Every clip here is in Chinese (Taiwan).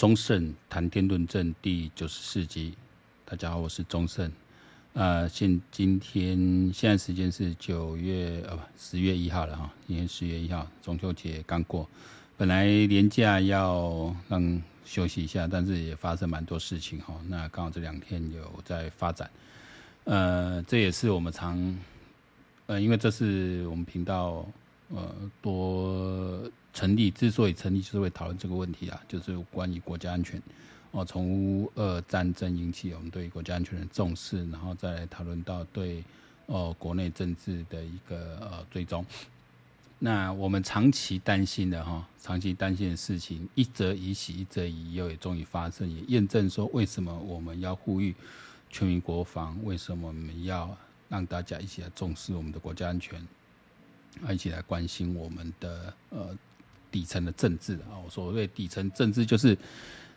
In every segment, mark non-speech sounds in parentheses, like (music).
忠勝談天論政第九十四集，大家好，我是忠勝，呃，現今天現在時間是九月呃不十月一號了哈，今天十月一號中秋節剛過，本來年假要讓休息一下，但是也發生蠻多事情哈，那剛好這兩天有在發展，呃，這也是我們常，呃，因為這是我們頻道呃多。成立，之所以成立，就是為討論這個問題啊，就是關於國家安全。哦，從烏俄戰爭引起我們對於國家安全的重視，然後再來討論到對哦國內政治的一個呃追蹤。那我們長期擔心的哈、哦，長期擔心的事情，一則以喜，一則以憂也終於發生，也驗證說為什麼我們要呼籲全民國防，為什麼我們要讓大家一起來重視我們的國家安全，啊、一起來關心我們的呃。底層的認知啊，我所謂底層認知就是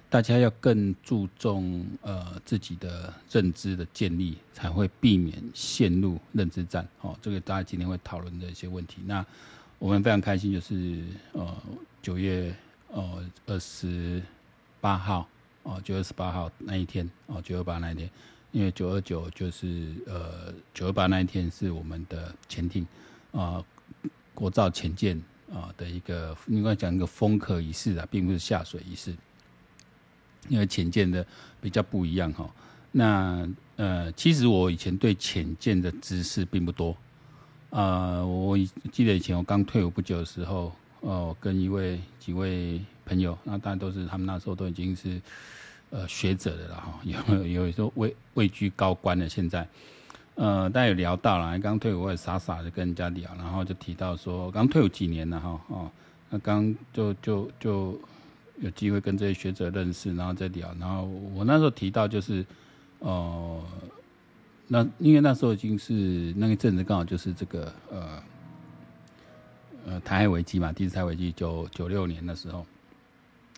大家要更注重呃自己的認知的建立，才會避免陷入認知戰。哦，這個大家今天會討論的一些問題。那我們非常開心，就是呃九月呃二十八號哦，九、呃、月二十八號那一天哦，九二八那一天，因為九二九就是呃九二八那一天是我們的潛艇啊、呃，國造潛艦，啊的一個，你剛講一個封殼儀式啊，並不是下水儀式，因為潛艦的比較不一樣哈、喔。那呃，其實我以前對潛艦的知識並不多啊。我、呃、我記得以前我剛退伍不久的時候，呃，跟一位幾位朋友，那大家都是他們那時候都已經是呃學者的了哈，有有說位位居高官了現在。呃，大家聊到了，剛退伍我也傻傻的跟人家聊，然後就提到說，剛退伍幾年了哈，哦，那、哦、剛就就就有機會跟這些學者認識，然後再聊，然後我那時候提到就是，呃，那因為那時候已經是那個陣子剛好就是這個呃呃台海危機嘛，第一次台海危機，九九六年的時候，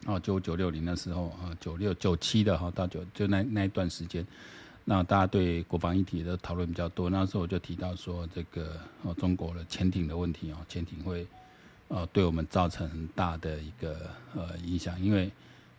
哦，九九六年的時候啊，九六九七的哈，到九就那那一段時間。那大家對國防議題的討論比較多，那時候我就提到說，這個、呃、中國的潛艇的問題哦，潛艇會、呃、對我們造成很大的一個呃影響，因為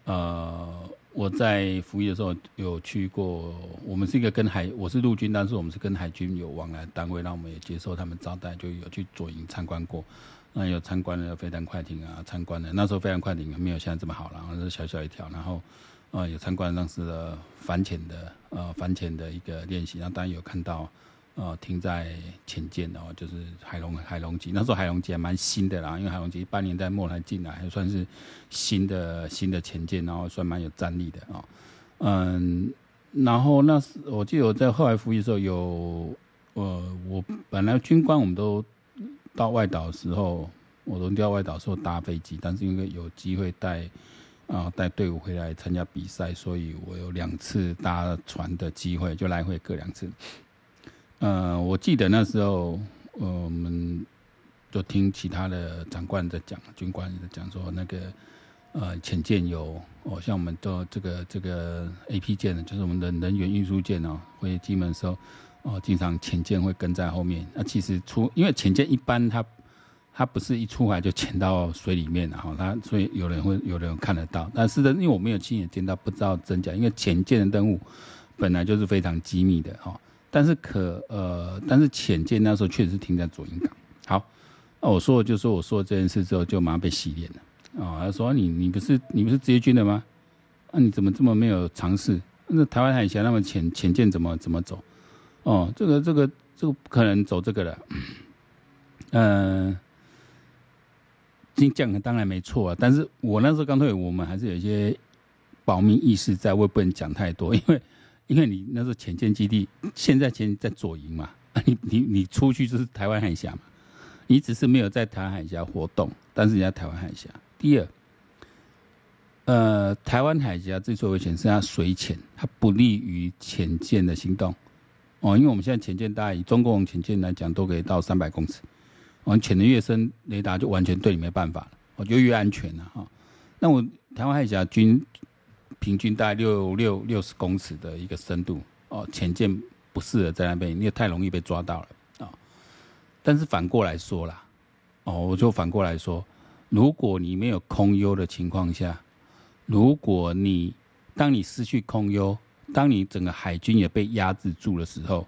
呃我在服役的時候有去過，我們是一個跟海，我是陸軍，但是我們是跟海軍有往來單位，那我們也接受他們招待，就有去左營參觀過，那有參觀了飛彈快艇啊，參觀了。那時候飛彈快艇沒有現在這麼好了，是小小一條，然後。啊、呃，有參觀當時的反潛的呃反潛的一個練習，那當然有看到呃停在潛艦、哦，然後就是海龍海龍級，那時候海龍級還蠻新的啦，因為海龍級八年代末才進來，還算是新的新的潛艦，然後算蠻有戰力的啊、哦。嗯，然後那時我記得我在後來服役時候有，有呃我本來軍官我們都到外島的時候，我輪調外島的時候搭飛機，但是因為有機會帶。啊，帶隊伍回來參加比賽，所以我有兩次搭船的機會，就來回各兩次、呃。我記得那時候、呃，我們就聽其他的長官在講，軍官在講說，那個呃，潛艦有哦，像我們做這個這個 AP 艦，就是我們的人員運輸艦哦，會進門的時候哦，經常潛艦會跟在後面。那、啊、其實出，因為潛艦一般它。它不是一出海就潛到水裡面，哈，它所以有人會有人會看得到，但是呢，因為我沒有親眼見到，不知道真假。因為潛艦的登陸本來就是非常機密的，哈。但是可呃，但是潛艦那時候確實停在左營港。好，那我說的就說我說的這件事之後，就馬上被洗臉了。哦，他說你你不是你不是職業軍人嗎？那、啊、你怎麼這麼沒有常識？那台灣海峽那麼淺，潛艦怎麼怎麼走？哦，這個這個這個不可能走這個的。嗯。呃降的當然沒錯啊，但是我那時候剛退，我們還是有一些保密意識在，我也不能講太多，因為因為你那時候潛艦基地現在潛在左營嘛，你你你出去就是台灣海峽嘛，你只是沒有在台灣海峽活動，但是人家台灣海峽。第二，呃，台灣海峽最最危險是它水淺，它不利於潛艦的行動。哦，因為我們現在潛艦大概以中共潛艦來講，都可以到三百公尺。往潛得越深，雷達就完全對你沒辦法了，我就越安全了哈、哦。那我臺灣海峽軍平均大概六六六十公尺的一個深度，哦，潛艦不適合在那邊，因為太容易被抓到了啊、哦。但是反過來說啦，哦，我就反過來說，如果你沒有空優的情況下，如果你當你失去空優，當你整個海軍也被壓制住的時候。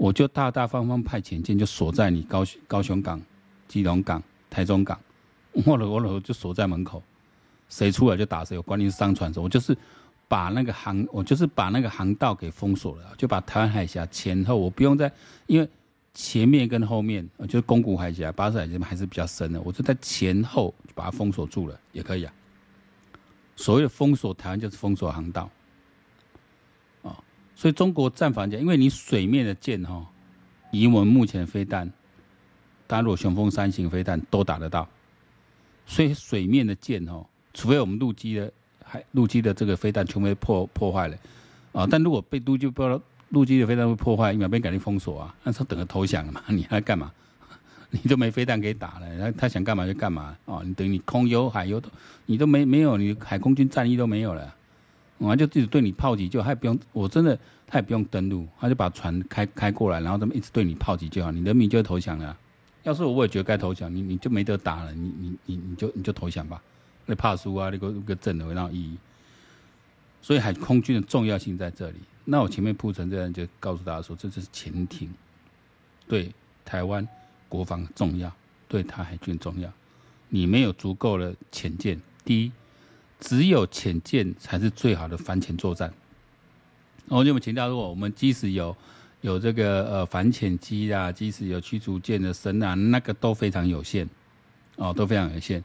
我就大大方方派潛艦就鎖在你高雄高雄港、基隆港、台中港，我了我了，就鎖在門口，誰出來就打誰。我管你是商船什麼，我就是把那個航，我就是把那個航道給封鎖了，就把台灣海峽前後我不用再，因為前面跟後面，就是宮古海峽、巴士海峽還是比較深的，我就在前後把它封鎖住了，也可以啊。所謂的封鎖台灣，就是封鎖航道。所以中國戰防艦，因為你水面的艦哈，以我們目前的飛彈，大陸雄風三型飛彈都打得到，所以水面的艦哈，除非我們陸基的海陸基的這個飛彈全部被破破壞了，啊、哦，但如果被不知道，陸基的飛彈會破壞，一秒被趕緊封鎖啊，那他等個投降了嘛，你還幹嘛？你就沒飛彈可以打了，他他想幹嘛就幹嘛哦，你等於你空優海優你都沒沒有你海空軍戰役都沒有了。我、嗯、就自己對你炮擊就，他也不用，我真的他也不用登陸，他就把船開開過來，然後他們一直對你炮擊就好，你的人民就會投降了、啊。要是我我也覺得該投降，你你就沒得打了，你你你你就你就投降吧，那怕輸啊？震了那個個鎮的會鬧意義。所以海空軍的重要性在這裡。那我前面鋪陳這樣，就告訴大家說，這就是潛艇對台灣國防重要，對台海軍重要。你沒有足夠的潛艦，第一。只有潛艦才是最好的反潛作戰。我另外強調，如果我們即使有有這個呃反潛機啊，即使有驅逐艦的聲納啊，那個都非常有限，哦都非常有限。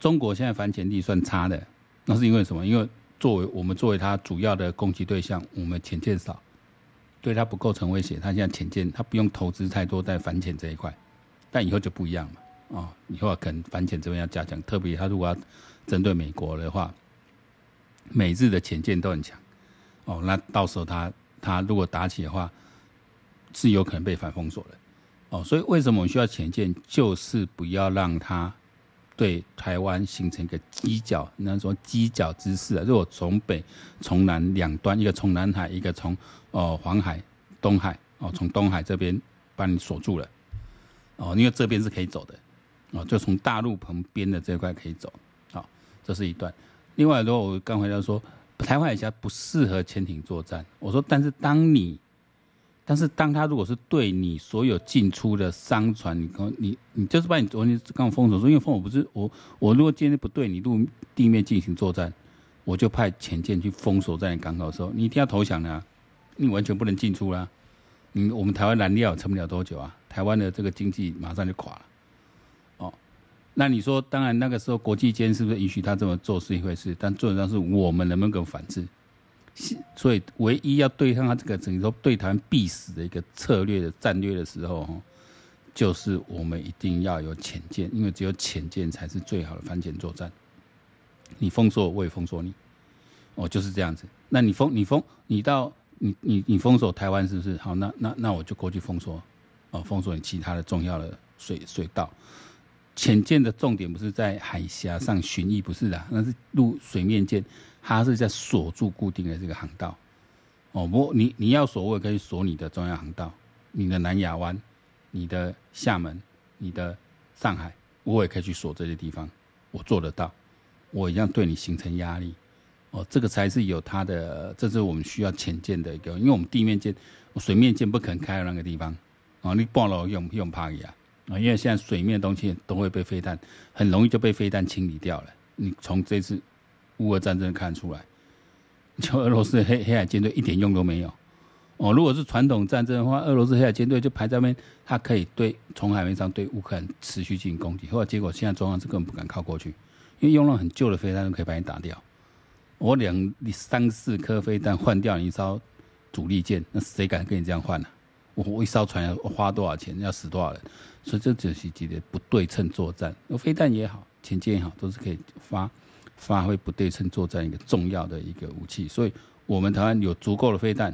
中國現在反潛力算差的，那是因為什麼？因為作為我們作為它主要的攻擊對象，我們潛艦少，對它不構成威脅。它現在潛艦，它不用投資太多在反潛這一塊，但以後就不一樣了。哦，以後可能反潛這邊要加強，特別他如果要針對美國的話，美日的潛艦都很強，哦，那到時候他他如果打起的話，是有可能被反封鎖的，哦，所以為什麼我們需要潛艦？就是不要讓他對台灣形成一個犄角，那種犄角之勢啊，如果從北、從南兩端，一個從南海，一個從哦黃海、東海，哦從東海這邊把你鎖住了，哦，因為這邊是可以走的。啊、哦，就從大陸旁邊的這塊可以走，好、哦，這是一段。另外，如果我剛回答說，台灣海峽不適合潛艇作戰，我說，但是當你，但是當他如果是對你所有進出的商船，你你你就是把你昨天剛封鎖，說因為封鎖不是我我如果今天不對你陸地面進行作戰，我就派潛艦去封鎖在你港口的時候，你一定要投降的啊，你完全不能進出啦、啊，你我們台灣燃料撐不了多久啊，台灣的這個經濟馬上就垮了。那你說，當然那個時候國際間是不是允許他這麼做是一回事，但做的是我們能不能反制？所以唯一要對抗他這個，整個對台必死的一個策略的戰略的時候，就是我們一定要有潛艦，因為只有潛艦才是最好的反潛作戰。你封鎖我，我也封鎖你，哦，就是這樣子。那你封，你封，你到你你你封鎖台灣是不是？好，那那那我就過去封鎖，哦，封鎖你其他的重要的水水道。潛艦的重點不是在海峽上巡弋，不是啦，那是陸水面艦，它是在鎖住固定的這個航道。哦，不過你，你你要鎖，我也可以鎖你的中央航道、你的南亞灣你、你的廈門、你的上海，我也可以去鎖這些地方，我做得到，我一樣對你形成壓力。哦，這個才是有它的，這是我們需要潛艦的一個，因為我們地面艦、我水面艦不肯開那個地方，哦，你半路用用怕呀。啊，因為現在水面的東西都會被飛彈很容易就被飛彈清理掉了。你從這次烏俄戰爭看出來，就俄羅斯黑黑海艦隊一點用都沒有。哦，如果是傳統戰爭的話，俄羅斯黑海艦隊就排在那邊，它可以對從海面上對烏克蘭持續進行攻擊。結果現在狀況是根本不敢靠過去，因為用了很舊的飛彈都可以把你打掉。我兩、三四顆飛彈換掉一艘主力艦，那誰敢跟你這樣換呢？啊？我一艘船要花多少錢？要死多少人？所以這就是講的不對稱作戰，那飛彈也好，潛艦也好，都是可以發發揮不對稱作戰一個重要的一個武器。所以，我們台灣有足夠的飛彈，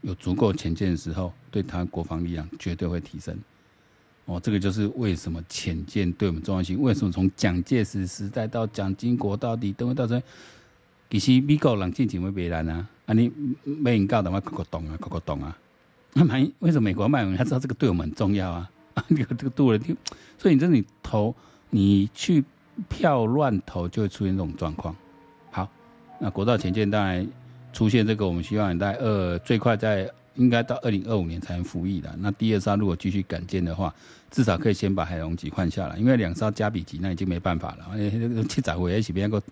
有足夠潛艦的時候，對台灣國防力量絕對會提升。哦，這個就是為什麼潛艦對我們重要性。為什麼從蔣介石時代到蔣經國到底都會到這？其實美國冷靜警為不然啊，啊你沒人告的話，狗狗懂啊，狗狗懂啊。那美為什麼美國賣我們？他知道這個對我們很重要啊。啊， (laughs) 這個這個了，輪，所以你這裡你投你去票亂投，就會出現這種狀況。好，那國造潛艦當然出現這個，我們希望在二最快在應該到二零二五年才能服役的。那第二艘如果繼續趕建的話，至少可以先把海龍級換下來，因為兩艘茄比級那已經沒辦法了。而且那個七載回 H 編個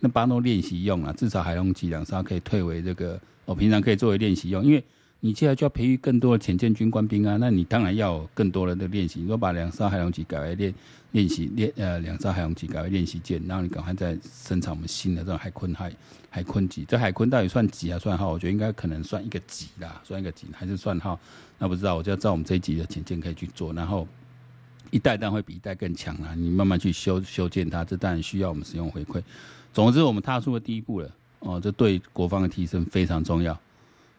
那巴諾練習用了，至少海龍級兩艘可以退為這個，我、哦、平常可以作為練習用，因為。你接下來就要培育更多的潛艦軍官兵啊，那你當然要有更多人的練習。你說把兩艘海龍級改為練練習練呃，兩艘海龍級改為練習艦，然後你趕快再生產我們新的這種海鯤海海鯤級。這海鯤到底算級啊，算號？我覺得應該可能算一個級啦，算一個級還是算號？那不知道，我就要照我們這一級的潛艦可以去做，然後一代當然會比一代更強啦，你慢慢去修修建它，這當然需要我們使用回饋。總之，我們踏出了第一步了，哦，這對國防的提升非常重要。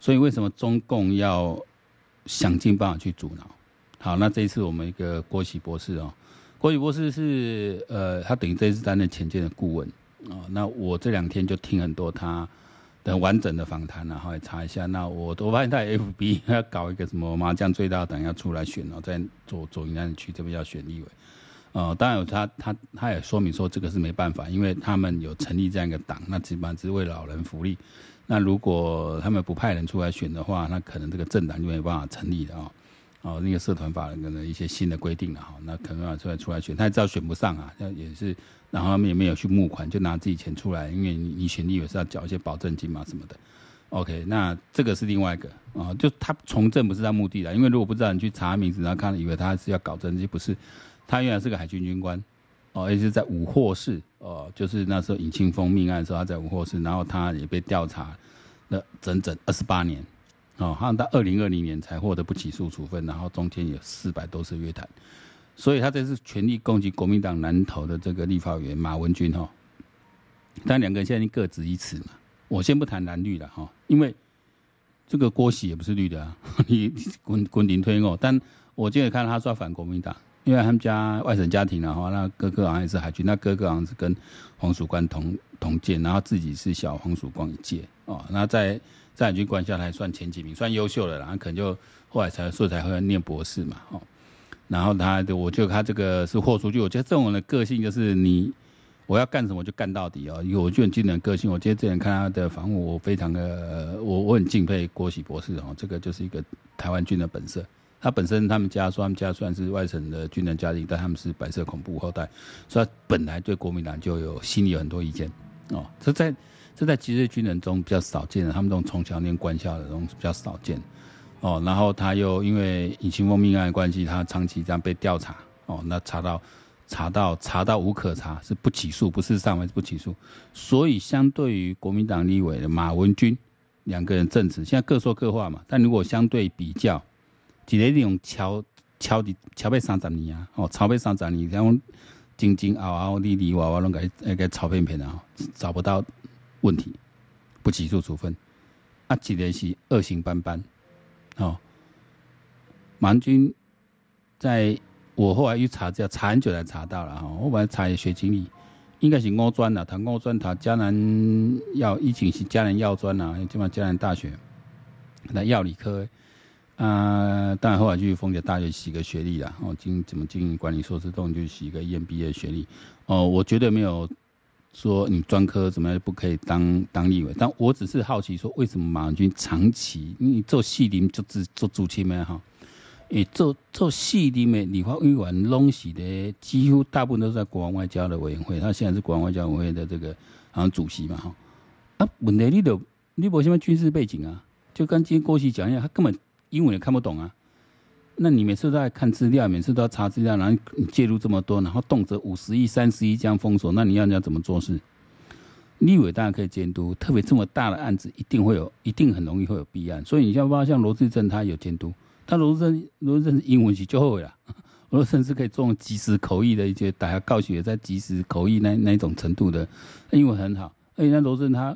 所以為什麼中共要想盡辦法去阻撓？好，那這一次我們一個郭璽博士哦、喔，郭璽博士是呃，他等於這一次擔任前線的顧問哦、喔。那我這兩天就聽很多他的完整的訪談，然後也查一下。那我我發現他 FB 他搞一個什麼麻將最大黨要出來選，然、喔、後在左左營南區這邊要選立委。呃、喔，當然有他他他也說明說這個是沒辦法，因為他們有成立這樣一個黨，那基本上只是為老人福利。那如果他們不派人出來選的話，那可能這個政黨就沒辦法成立了啊、哦，哦，那個社團法人可能一些新的規定了哈、哦，那可能要出來出來選，他也知道選不上啊，那也是，然後他們也沒有去募款，就拿自己錢出來，因為你選你選立也是要繳一些保證金嘛什麼的，OK，那這個是另外一個啊、哦，就他從政不是他目的啦，因為如果不知道你去查名字，然後看了以為他是要搞政績，不是，他原來是個海軍軍官。哦，也是在武獲室哦，就是那時候尹清楓命案的時候，他在武獲室，然後他也被調查了整整二十八年，哦，他到二零二零年才獲得不起訴處分，然後中間有四百多次約談，所以他這次全力攻擊國民黨南投的這個立法委員馬文君哈、哦，但兩個人現在已經各執一詞嘛，我先不談藍綠了哈、哦，因為這個郭璽也不是綠的啊，你滾滾頂推我、哦，但我就是看他說反國民黨。因為他們家外省家庭的，啊、話，那哥哥好像也是海軍，那哥哥好像是跟黃曙光同同屆，然後自己是小黃曙光一屆哦。那在在海軍官下來算前幾名，算優秀的，然後可能就後來才說才會念博士嘛，哦。然後他，的，我就他這個是豁出去。我覺得這種人的個性就是你我要幹什麼就幹到底哦，有就很軍人的個性。我今天這人看他的訪問，我非常的我我很敬佩郭璽博士哦，這個就是一個台灣軍人本色。他本身，他們家說他們家算是外省的軍人家庭，但他們是白色恐怖後代，所以他本來對國民黨就有心裡有很多意見。哦，這在這在職業軍人中比較少見的，他們這種從小念官校的這種比較少見。哦，然後他又因為尹清楓命案的關係，他長期這樣被調查。哦，那查到查到查到無可查，是不起訴，不是上是不起訴。所以相對於國民黨立委的馬文君，兩個人政治，現在各說各話嘛。但如果相對比較，一個用超超的抄了三十年啊，哦，超了三十年，然後真真嗷嗷，裡裡哇哇攏給個超遍遍啊，找不到問題，不起訴處分。啊，一個是惡行斑斑哦。網軍在我後來又查，這查很久才查到了哈。我本來查也學經歷，應該是五專的，他五專，他嘉南藥以前是嘉南藥專啊，就嘛嘉南大學那藥理科。呃，當然後來去逢甲大學習個學歷啦，哦，經怎麼經營管理碩士，都就取一個 EMBA 學歷。哦、呃，我絕對沒有說你專科怎麼樣不可以當當立委，但我只是好奇說，為什麼馬文君長期你做系裡就自做主席沒哈？誒、欸，做做系裡面，你發覺我攏是的，幾乎大部分都是在國安外交的委員會，他現在是國安外交委員會的這個好像主席嘛哈。啊，問題你都你沒有什麼軍事背景啊，就跟今天郭璽講一下，他根本。英文也看不懂啊，那你每次都要看資料，每次都要查資料，然後你介入這麼多，然後動輒五十億、三十億這樣封鎖，那你要你要怎麼做事？立委當然可以監督。特別這麼大的案子，一定會有，一定很容易會有弊案。所以你知道包括像羅致政他有監督，他羅致政，羅致政英文就就後悔了。羅致政是可以做即時口譯的一些，打壓告許也在即時口譯那那一種程度的英文很好。而且那羅致政他。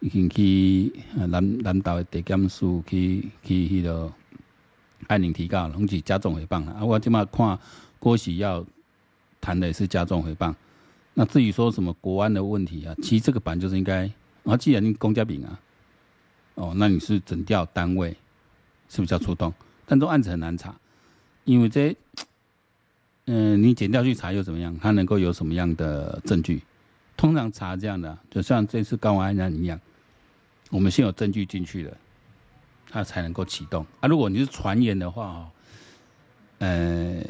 已經去南南島的地檢署去去迄落案情提告了，攏是加重誹謗啊！我今麥看郭璽要談的也是加重誹謗。那至於說什麼國安的問題啊，其實這個板就是應該。而、哦、既然公家餅啊，哦，那你是檢調單位，是不是叫出動？但都案子很難查，因為這嗯、呃，你檢調去查又怎麼樣？它能夠有什麼樣的證據？通常查這樣的，就像這次高安案一樣。我們先有證據進去了，他才能夠啟動。啊，如果你是傳言的話哦，呃，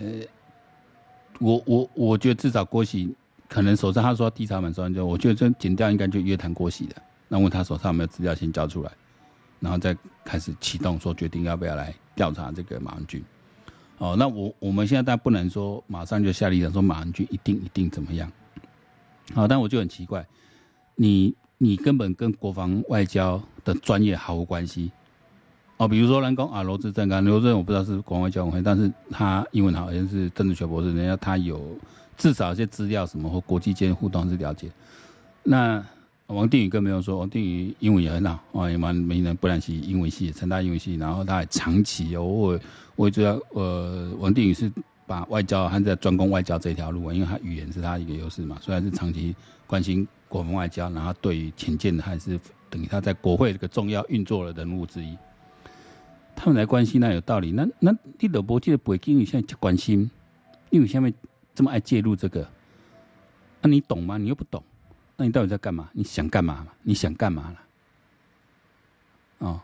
我我我覺得至少郭璽可能手上他說調查馬文君，我覺得這檢調應該就約談郭璽的，那問他手上有沒有資料先交出來，然後再開始啟動說決定要不要來調查這個馬文君。哦，那我我們現在現不能說馬上就下令了說馬文君一定一定怎麼樣。好，但我就很奇怪，你。你根本跟國防外交的專業毫無關係，哦，比如說藍光啊，羅致政啊，羅致政我不知道是廣外交會，但是他英文好像是政治學博士，人家他有至少一些資料什麼和國際間互動是了解。那王定宇更沒有說，王定宇英文也很好，啊，也蠻沒人，不然去英文系，成大英文系，然後他還長期，我也我也知道呃，王定宇是。把外交，他在專攻外交這條路啊，因為他語言是他一個優勢嘛。雖然是長期關心國防外交，然後對於潛艦的，還是等於他在國會這個重要運作的人物之一。 (noise) 他們來關心那有道理。那那，你老伯覺得北京現在去關心，因為現在這麼愛介入這個，那、啊、你懂嗎？你又不懂，那你到底在幹嘛？你想幹嘛？你想幹嘛了？啊、哦？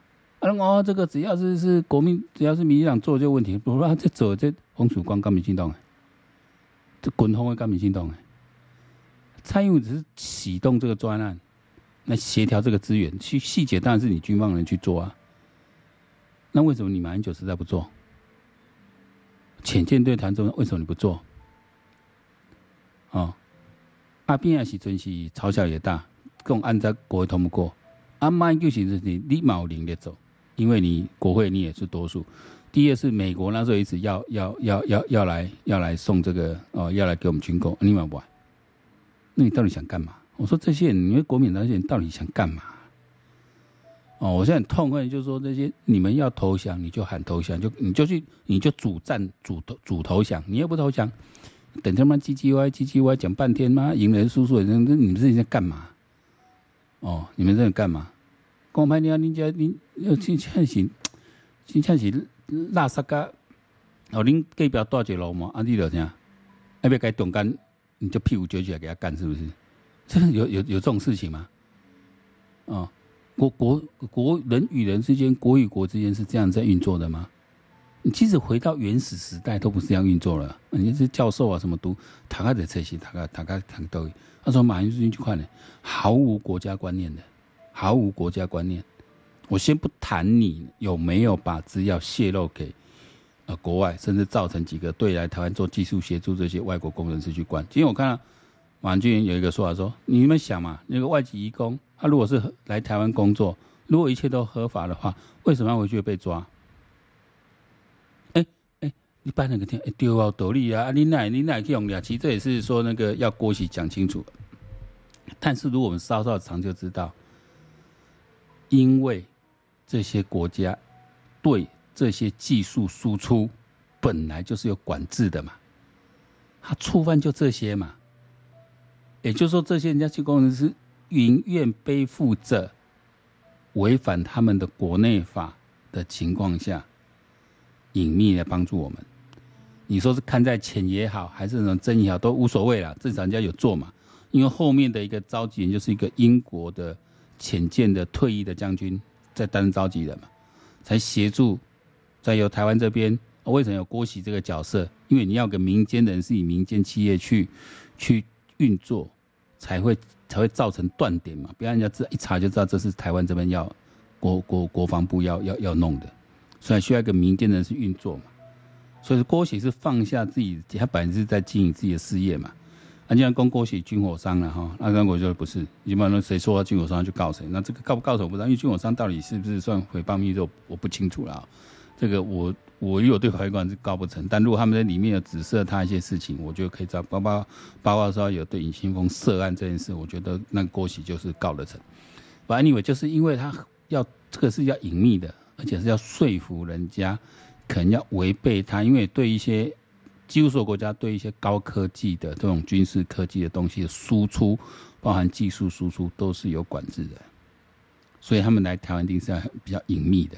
哦，這個只要是是國民，只要是民進黨做這個問題，不怕這走這黃曙光革命行動，這軍方的革命行動。蔡英文只是啟動這個專案，來協調這個資源，去細節當然是你軍方人去做啊。那為什麼你馬英九實在不做？潛艦隊團中為什麼你不做？啊、哦、阿兵也是陣是嘲笑也大，共按在國會通不過，阿曼就是你李茂林在做。因為你國會你也是多數，第二是美國那時候一直要要要要要來要來送這個哦要來給我們軍購，你買不買？那你到底想幹嘛？我說這些人，你們國民黨這些人到底想幹嘛？哦，我現在很痛恨，就是說這些你們要投降，你就喊投降，就你就去你就主戰主投主投降，你又不投降，等他們唧唧歪唧唧歪講半天嘛，贏人輸輸，那你們這些人在幹嘛？哦，你們在幹嘛？公盤你要你家你。是真是要真正是，真正是垃圾咖，哦，恁隔壁住一個樓嘛，啊，你着聽，啊，要該動幹，你就屁股撅起來給他幹，是不是？真的有有有這種事情嗎？啊，國國國人與人之間，國與國之間是這樣在運作的嗎？你即使回到原始時代，都不是這樣運作了。人家是教授啊，什麼都打開的這些，打開打開，談到他說，馬雲最近去看了，毫無國家觀念的，毫無國家觀念。我先不談你有沒有把資料泄露給呃國外，甚至造成幾個對來台灣做技術協助。這些外國工程師去管。今天我看馬文君有一個說法說，你們想嘛，那個外籍移工，他如果是來台灣工作，如果一切都合法的話，為什麼要回去被抓？哎、欸、哎、欸，你般那個天丟到島立啊？你那、你那去用來？其實這也是說那個要過去講清楚。但是如果我們稍稍長就知道，因為。這些國家對這些技術輸出本來就是有管制的嘛，他觸犯就這些嘛。也就是說，這些人家技術工程師寧願背負着違反他們的國內法的情況下，隱祕來幫助我們。你說是看在錢也好，還是什麼爭議也好，都無所謂了。至少人家有做嘛。因為後面的一個召集人就是一個英國的潛艦的退役的將軍。在擔任召集人嘛，才協助，在有台灣這邊，為什麼有郭璽這個角色？因為你要給民間人士以民間企業去去運作，才會才會造成斷點嘛，不要人家一查就知道這是台灣這邊要國國國防部要要要弄的，所以需要一個民間人士去運作嘛，所以郭璽是放下自己，他本身是在經營自己的事業嘛。安建供郭璽軍火商了哈，安建光就不是，一般那誰說軍火商就告誰，那這個告不告我不知道，因為軍火商到底是不是算誹謗密度我不清楚了。這個我我有對海關是告不成，但如果他們在裡面有指涉他一些事情，我覺得可以找包括包包卦說有對尹清楓涉案這件事，我覺得那郭璽就是告得成。反正以為就是因為他要這個是要隱祕的，而且是要說服人家，可能要違背他，因為對一些。幾乎所有國家對一些高科技的這種軍事科技的東西的輸出，包含技術輸出，都是有管制的。所以他們來台灣一定是要比較隱秘的。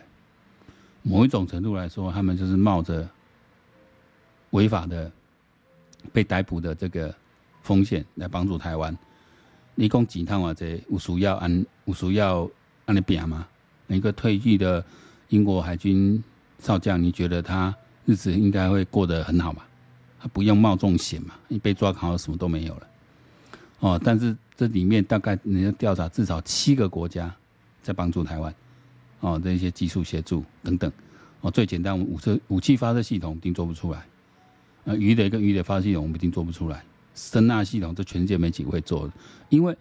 某一種程度來說，他們就是冒着違法的、被逮捕的這個風險來幫助台灣。一共幾趟啊？這武叔要按武叔要按的扁嗎？一個退役的英國海軍少將，你覺得他日子應該會過得很好嗎？他不用冒重險嘛！你被抓考了，什麼都沒有了。哦，但是這裡面大概你要調查至少七個國家在幫助台灣。哦，這些技術協助等等。哦，最簡單，我們武車武器發射系統一定做不出來。啊，魚雷跟魚雷發射系統我們一定做不出來。聲納系統，這全世界沒幾個會做的，因為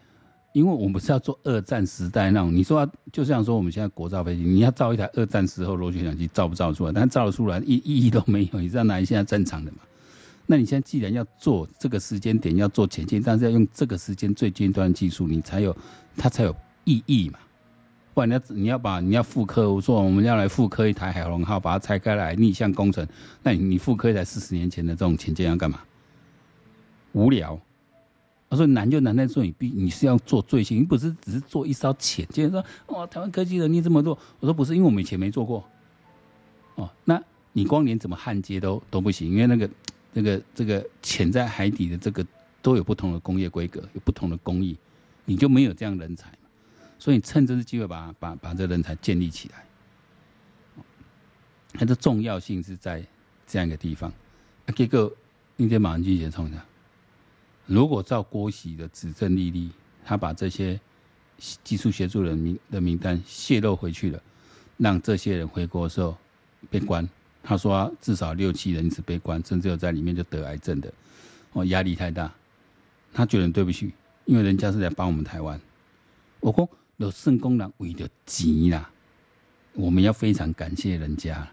因為我們不是要做二戰時代那種。你說，就像說我們現在國造飛機，你要造一台二戰時候螺旋槳機，造不造得出來？但造得出來意意義都沒有。你知道哪裡現在正常的嗎？那你現在既然要做這個時間點要做潛艦，但是要用這個時間最尖端的技術，你才有，它才有意義嘛。不然你要你要把你要複刻，我說我們要來複刻一台海龍號，把它拆開來逆向工程，那你複刻一台四十年前的這種潛艦要幹嘛？無聊。我說難就難在說你必，你是要做最新，你不是只是做一艘潛艦。說哦，台灣科技能力這麼弱？我說不是，因為我們以前沒做過。哦，那你光連怎麼焊接都都不行，因為那個。這個這個潛在海底的這個都有不同的工業規格，有不同的工藝，你就沒有這樣的人才，所以你趁這次機會把把把這個人才建立起來，它的重要性是在這樣一個地方。啊，這個應該馬上去行衝一下。如果照郭璽的指證歷歷，他把這些技術協助人名的名單洩露回去了，讓這些人回國的時候被關。他說、啊、至少六七人是被關，甚至有在裡面就得癌症的。我、哦、壓力太大，他覺得很對不起，因為人家是在幫我們台灣。我講，有腎功人為的，急啦，我們要非常感謝人家。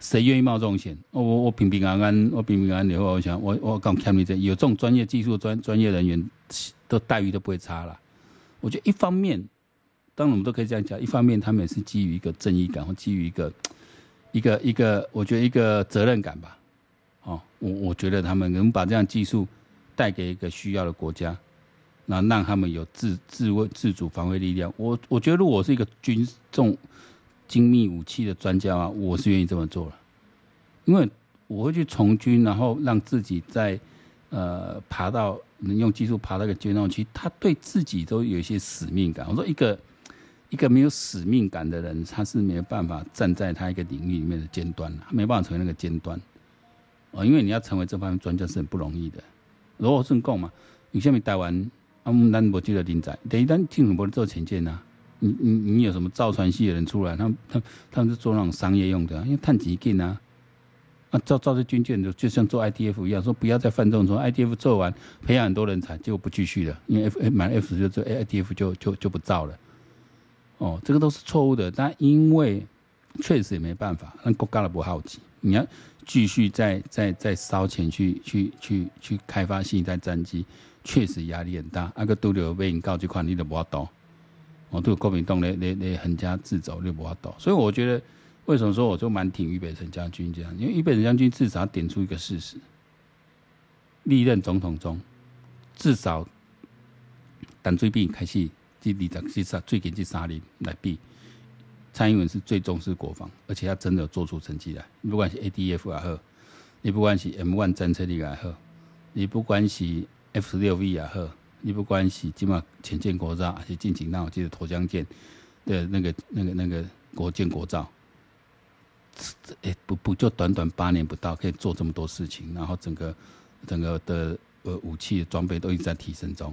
誰願意冒這種險？我我平平安安，我平平安安的話，我想我我敢欠你這個、有這種專業技術專專業人員，都待遇都不會差了。我覺得一方面，當然我們都可以這樣講，一方面他們也是基於一個正義感，或基於一個。一個一個，我覺得一個責任感吧，哦，我我覺得他們能把這樣的技術帶給一個需要的國家，那讓他們有自自衛自主防衛力量。我我覺得，如果我是一個軍重精密武器的專家啊，我是願意這麼做了，因為我會去從軍，然後讓自己在呃爬到能用技術爬到一個尖端去，他對自己都有一些使命感。我說一個。一個沒有使命感的人，他是沒有辦法站在他一個領域裡面的尖端，啊，他沒辦法成為那個尖端。哦、因為你要成為這方面專家是很不容易的。如果我正講嘛，你下面帶完我們單不記得定在，等於單聽我們做潛艇啊，你你你有什麼造船系的人出來，他們他他們是做那種商業用的，啊，因為碳幾近啊，啊造造這軍艦就，就像做 I D F 一樣，說不要再犯這種錯。I D F 做完，培養很多人才就不繼續了，因為 F 買了 F 之後就，欸、I D F 就就就不造了。哦，這個都是錯誤的，但因為確實也沒辦法，那國阿拉不好奇，你要繼續再再再燒錢去去去去開發新一代戰機，確實壓力很大。啊，個都了被你搞這塊，你都不要倒，我都有國民黨咧咧咧橫加制造，你不要倒。所以我覺得，為什麼說我就蠻挺於北辰將軍這樣？因為於北辰將軍至少要點出一個事實：歷任總統中至少彈水兵開始。這這三最近這三年來比，蔡英文是最重視國防，而且他真的有做出成績來。你不管是 ADF 也好，你不管是 M1 戰車也好，你不管是 F 十六 V 也好，你不管是起碼潛艦國造還是近程，那我記得沱江艦的那個那個那個國艦國造，哎、欸，不不就短短八年不到可以做這麼多事情，然後整個整個的呃武器裝備都一直在提升中。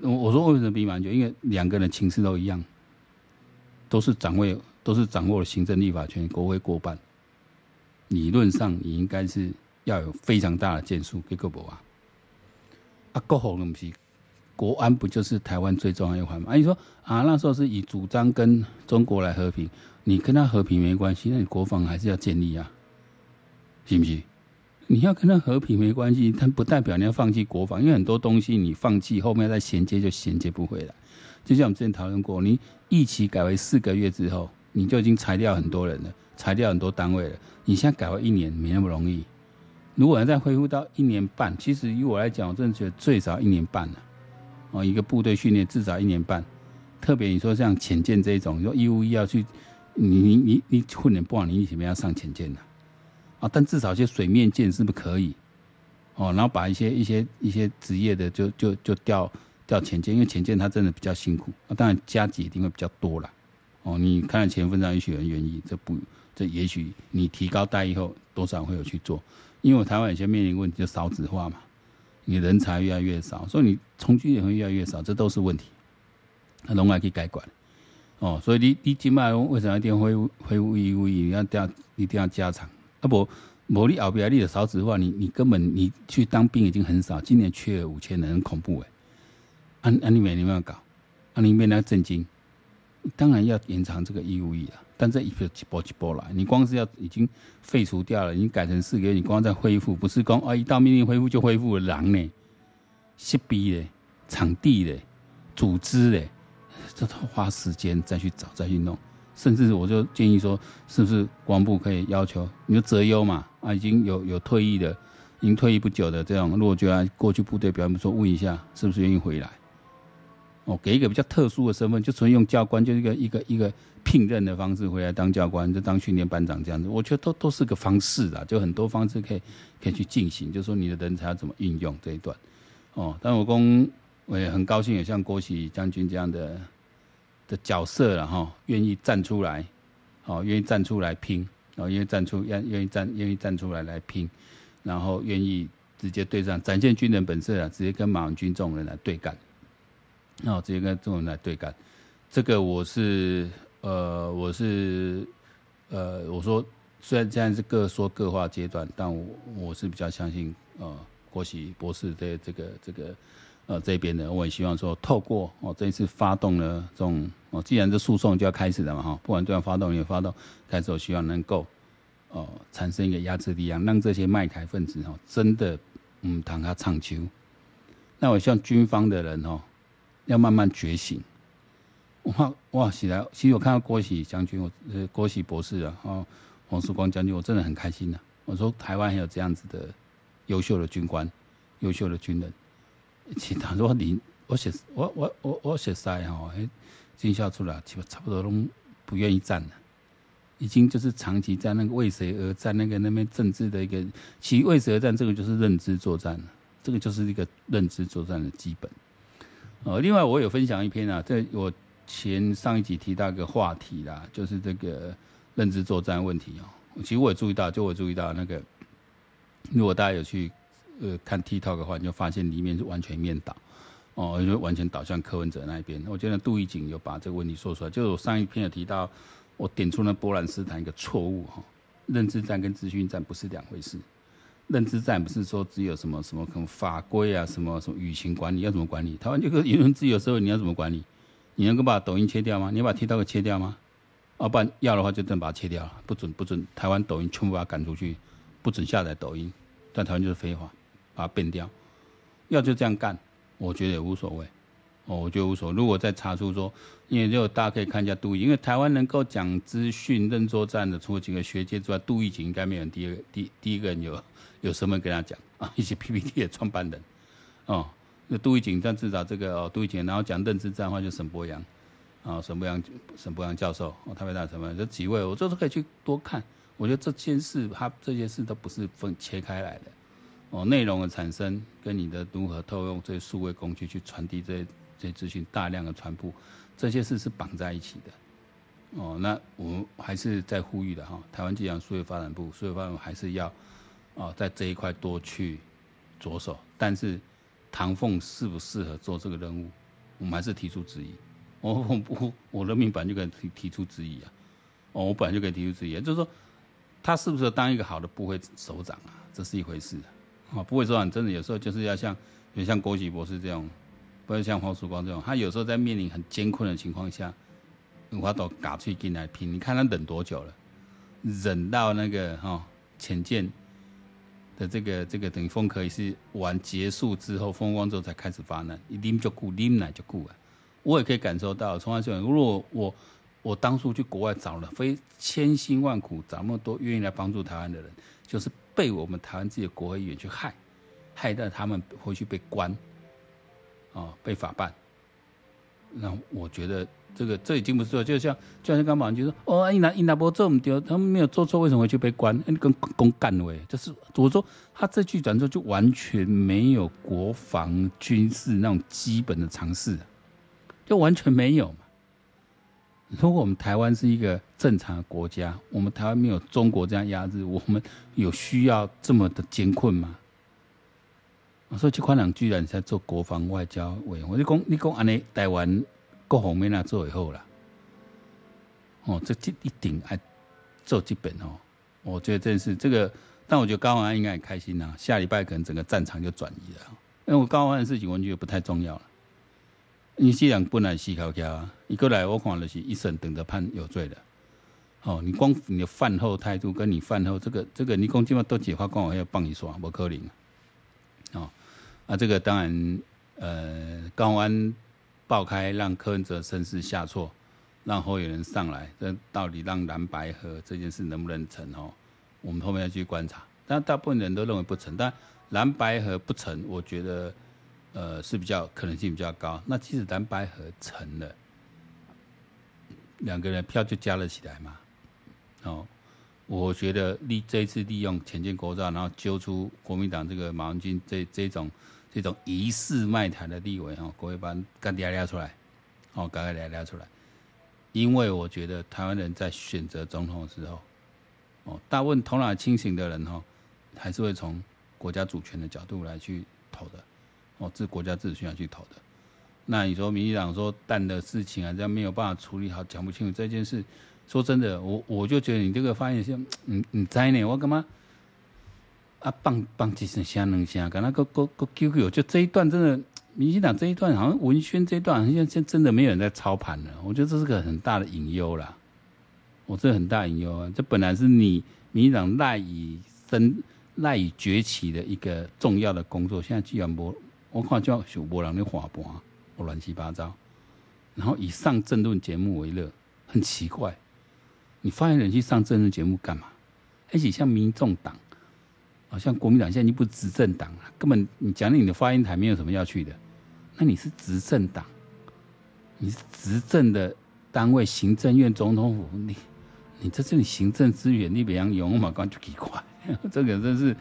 我我說為什麼不完全？因為兩個人情勢都一樣，都是掌握都是掌握了行政立法權，國會過半，理論上你應該是要有非常大的建樹給各國啊。啊，國防東是，國安不就是台灣最重要一環嗎？啊，你說啊，那時候是以主張跟中國來和平，你跟他和平沒關係，那你國防還是要建立啊，是不是？你要跟他和平沒關係，但不代表你要放棄國防。因為很多東西你放棄，後面要再銜接就銜接不回來。就像我們之前討論過，你役期改為四個月之後，你就已經裁掉很多人了，裁掉很多單位了。你現在改為一年，沒那麼容易。如果要再恢復到一年半，其實以我來講，我真的覺得最少一年半了。哦，一個部隊訓練至少一年半，特別你說像潛艦這種，你說義務役，要去，你你你混得不好，你為什麼要上潛艦呢？但至少一些水面艦是不是可以？哦，然後把一些一些一些職業的就就就調調潛艦，因為潛艦它真的比較辛苦。當然加級一定會比較多啦。哦，你看，看前份上也許很願意這，這不這也許你提高待遇後，多少會有去做。因為我台灣以前面臨問題就少子化嘛，你人才越來越少，所以你從軍也會越來越少，這都是問題。那龍還可以改管，哦，所以你你金馬為什麼要無意無意你一定會會無以為無以，要調一定要加長？不，某利奧比爾利的勺子的話，你你根本你去當兵已經很少，今年缺了五千人，很恐怖哎！安安利美你們要搞，安利美那震驚，當然要延長這個義務義了。但這一波接一波來。你光是要已經廢除掉了，已經改成四個月，你光在恢復，不是光啊！一到命令恢復就恢復了，人呢，設備的、場地的、組織的，這都花時間再去找、再去弄。甚至我就建議說，是不是國防部可以要求，你就擇優嘛。啊，已經有有退役的，已經退役不久的這樣，如果覺得過去部隊表現不錯，問一下是不是願意回來？哦，給一個比較特殊的身份，就純用教官，就一個一個一個聘任的方式回來當教官，就當訓練班長這樣子。我覺得都都是個方式啊，就很多方式可以可以去進行，就是說你的人才要怎麼運用這一段哦、喔。但我公我也很高興有像郭璽將軍這樣的。的角色了哈，願、哦、意站出來，哦，願意站出來拼，然後願意站出，願願意站願意站出來來拼，然後願意直接對戰，展現軍人本色啊，直接跟馬文君這種人來對幹，那、哦、我直接跟這種人來對幹，這個我是呃，我是呃，我說雖然現在是各說各話階段，但我我是比較相信呃，郭璽博士的這個這個。這個呃，這邊呢我也希望說，透過哦，這一次發動了這種哦，既然這訴訟就要開始了嘛哈、哦，不管這樣發動也發動，開始我希望能夠哦，產生一個壓制力量，讓這些賣台分子哦，真的嗯談他唱秋。那我希望軍方的人哦，要慢慢覺醒。哇哇，起來！其實我看到郭璽將軍，我呃郭璽博士啊，哦黃曙光將軍，我真的很開心的、啊。我說台灣還有這樣子的優秀的軍官、優秀的軍人。其實，如果你我寫我我我我寫三吼，哎，軍校出來，幾乎差不多都不願意站了，已經就是長期在那個為誰而戰那個那邊政治的一個，其實為誰而戰這個就是認知作戰了，這個就是一個認知作戰的基本。呃，另外我有分享一篇啊，在我前上一集提到一個話題啦，就是這個認知作戰問題哦。其實我也注意到，就我也注意到那個，如果大家有去。呃，看 TikTok 的話，你就發現裡面是完全面倒，哦，因為完全倒向柯文哲那一邊。我覺得杜奕瑾有把這個問題說出來，就是我上一篇有提到，我點出那波蘭斯坦一個錯誤哈，認知戰跟資訊戰不是兩回事。認知戰不是說只有什麼什麼，可能法規啊，什麼什麼輿情管理要怎麼管理？台灣這個言論自由社會你要怎麼管理？你能夠把抖音切掉嗎？你要把 TikTok 切掉嗎？哦、啊，不然要的話就真把它切掉了，不准不准，台灣抖音全部把它趕出去，不准下載抖音，但台灣就是非法。把它變掉，要就這樣幹，我覺得也無所謂。哦，我覺得無所謂。如果再查出說，因為就大家可以看一下杜奕瑾，因為台灣能夠講資訊認知戰的，除了幾個學界之外，杜奕瑾應該沒有第二、第第一個人有有什麼跟他講啊，一些 PTT 的創辦人。哦，那杜奕瑾，但至少這個哦，杜奕瑾，然後講認知戰的話，就沈伯洋，啊、哦，沈伯洋沈伯洋教授，哦，們大什麼這幾位，我都可以去多看。我覺得這件事，他這件事都不是分切開來的。哦，內容的產生跟你的如何套用這些數位工具去傳遞這些這些資訊，大量的傳播，這些事是綁在一起的。哦，那我們還是在呼籲的哈、哦，台灣既然數位發展部數位發展部還是要，哦，在這一塊多去着手。但是唐鳳適不適合做這個任務，我們還是提出質疑。我我我，我人民本來就提提出質疑啊。哦，我本來就可以提出質疑、啊，也就是說，他是不是當一個好的部會首長啊，這是一回事、啊。啊，不會說啊，真的有時候就是要像，比如像郭璽博士這樣，不會像黃曙光這樣，他有時候在面臨很艱困的情況下，用都咬出去勁來拼。你看他等多久了？忍到那個哈潛艦的這個這個等於風可以是完結束之後風光之後才開始發難，一拎就顧拎來就顧了。我也可以感受到，從來就如果我我當初去國外找了，非千辛萬苦，找那麼多願意來幫助台灣的人，就是。被我們台灣自己的國會議員去害，害到他們回去被關，啊、哦，被法辦。那我覺得這個這已經不是說，就像就像剛馬文君說，哦，尹達尹達波這麼屌，他們沒有做錯，為什麼回去被關？跟公幹的就是我說他這句轉述就完全沒有國防軍事那種基本的常識，就完全沒有。如果我們台灣是一個正常的國家，我們台灣沒有中國這樣壓制，我們有需要這麼的艱困嗎？我說，這款人居然是在做國防外交委員，我就講，你講安內台灣各方面那做以後了，哦，這一定愛做基本哦，我覺得真是這個，但我覺得高虹安應該很開心吶啊，下禮拜可能整個戰場就轉移了，因為我高虹安的事情我覺得不太重要了。你既然不能思考下，你過來，我看了是一審等着判有罪的。哦，你光你的犯後態度，跟你犯後這個這個，你光起碼都檢察官我要幫你說算，無可能。哦，啊，這個當然，呃，高安爆開讓柯文哲的聲勢下挫，讓後有人上來，這到底讓藍白合這件事能不能成？哦，我們後面要去觀察。但大部分人都認為不成，但藍白合不成，我覺得。呃，是比較可能性比較高。那即使藍白合成了，兩個人票就加了起來嘛。哦，我覺得利這一次利用潛艦國造，然後揪出國民黨這個馬文君這這一種這，一種，這一種疑似賣台的立委哦，國會把乾爹拉出來，哦，趕快拉拉出來。因為我覺得台灣人在選擇總統的時候，哦，大部分頭腦清醒的人哈、哦，還是會從國家主權的角度來去投的。哦，這是國家自己需要去投的。那你說民進黨說淡的事情啊，這樣沒有辦法處理好，講不清楚這件事。說真的，我我就覺得你這個發言是，唔唔在呢。我幹嘛啊棒棒，幾聲聲兩聲，跟那個個個 QQ，就這一段真的民進黨這一段，好像文宣這一段，現在真的沒有人在操盤了。我覺得這是個很大的隱憂啦。我這很大隱憂啊，這本來是你民進黨賴以生賴以崛起的一個重要的工作，現在居然沒。我看叫小波浪的滑板，我亂七八糟。然後以上政論節目為樂，很奇怪。你發言人去上政論節目幹嘛？而且像民眾黨，好像國民黨現在你不執政黨了，根本你講你的發言台沒有什麼要去的。那你是執政黨，你是執政的單位，行政院、總統府，你你在這裡行政資源那邊用嘛？我覺得很奇怪， (laughs) 這個真是。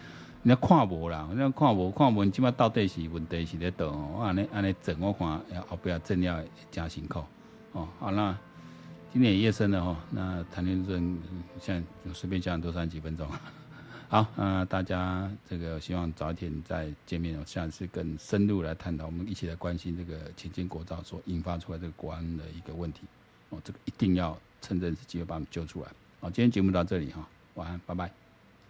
你看無啦，我講看無看無，即馬到底是問題是在倒？我安尼安尼整，我看後邊也整了，真辛苦哦。好啦，今天夜深了哦，那談天現在就隨便講多三幾分鐘。好，那，那好，呃、大家這個希望早一天再見面哦，我下次更深入來探討，我們一起來關心這個潛艦國造所引發出來的這個國安的一個問題哦，這個一定要趁這次機會把我們揪出來。好，哦，今天節目到這裡哈，哦，晚安，拜拜。